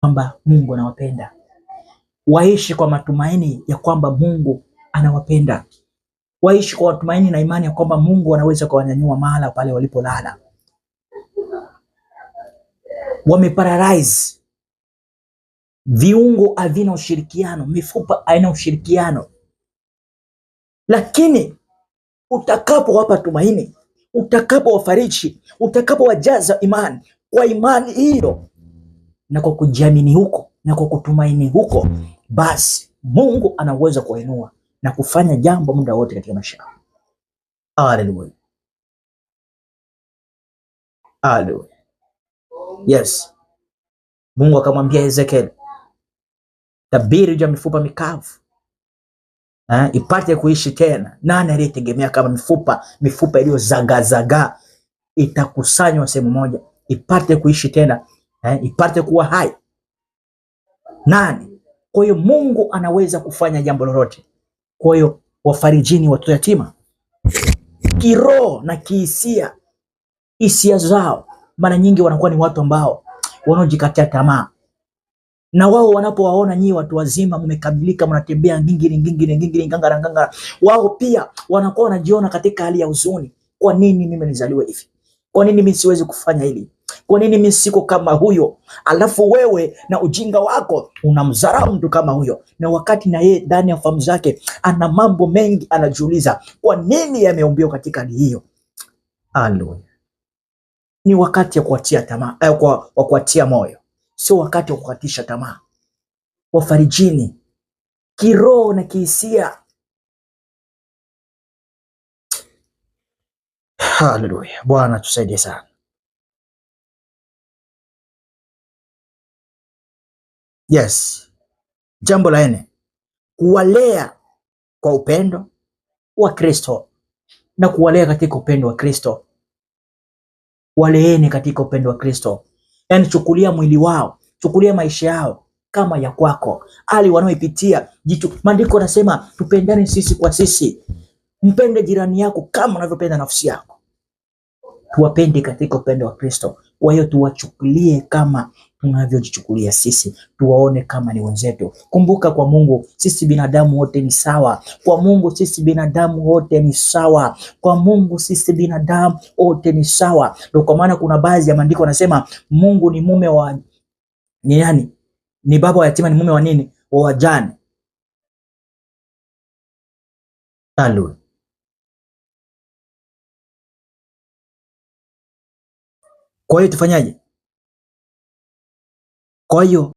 kwamba Mungu anawapenda, waishi kwa matumaini ya kwamba Mungu anawapenda, waishi kwa matumaini na imani ya kwamba Mungu anaweza kuwanyanyua mahala pale walipolala. Wameparalyze, viungo havina ushirikiano, mifupa haina ushirikiano, lakini utakapowapa tumaini, utakapowafariji, utakapowajaza imani kwa imani hiyo na kwa kujiamini huko na kwa kutumaini huko, mm. basi Mungu anaweza kuinua na kufanya jambo muda wote katika maisha yako. Haleluya, haleluya. Yes, Mungu akamwambia Ezekiel, tabiri juu ya mifupa mikavu ha, eh, ipate kuishi tena. Nani aliyetegemea kama mifupa mifupa iliyozagazaga itakusanywa sehemu moja ipate kuishi tena? eh, ipate kuwa hai nani. Kwa hiyo Mungu anaweza kufanya jambo lolote. Kwa hiyo wafarijini watoto yatima kiroho na kihisia, hisia zao mara nyingi wanakuwa ni watu ambao wanaojikatia tamaa, na wao wanapowaona nyinyi watu wazima mmekabilika, mnatembea ngingiri ngingiri ngingiri ngangara ngangara, wao pia wanakuwa wanajiona katika hali ya huzuni. Kwa nini mimi nizaliwe hivi? Kwa nini mimi siwezi kufanya hili? Kwa nini mimi siko kama huyo? Alafu wewe na ujinga wako unamdharau mtu kama huyo, na wakati na yeye ndani ya fahamu zake ana mambo mengi, anajiuliza kwa nini yameumbiwa katika hali hiyo. Haleluya! Ni wakati wa kuatia tamaa, eh, kwa wa kuatia moyo, sio wakati wa kukatisha tamaa. Wafarijini kiroho na kihisia. Haleluya, Bwana tusaidie sana. Yes. Jambo la nne, kuwalea kwa upendo wa Kristo na kuwalea katika upendo wa Kristo. Waleeni katika upendo wa Kristo, yaani chukulia mwili wao, chukulia maisha yao kama ya kwako, hali wanaoipitia jitu. Maandiko nasema tupendane sisi kwa sisi, mpende jirani yako kama unavyopenda nafsi yako. Tuwapende katika upendo wa Kristo. Kwa hiyo tuwachukulie kama tunavyojichukulia sisi, tuwaone kama ni wenzetu. Kumbuka kwa Mungu sisi binadamu wote ni sawa. Kwa Mungu sisi binadamu wote ni sawa. Kwa Mungu sisi binadamu wote ni sawa. Ndio kwa maana kuna baadhi ya maandiko yanasema Mungu ni mume wa ni yani, ni baba wa yatima, ni mume wa nini? Wa wajane. Kwa hiyo tufanyaje? Coyo,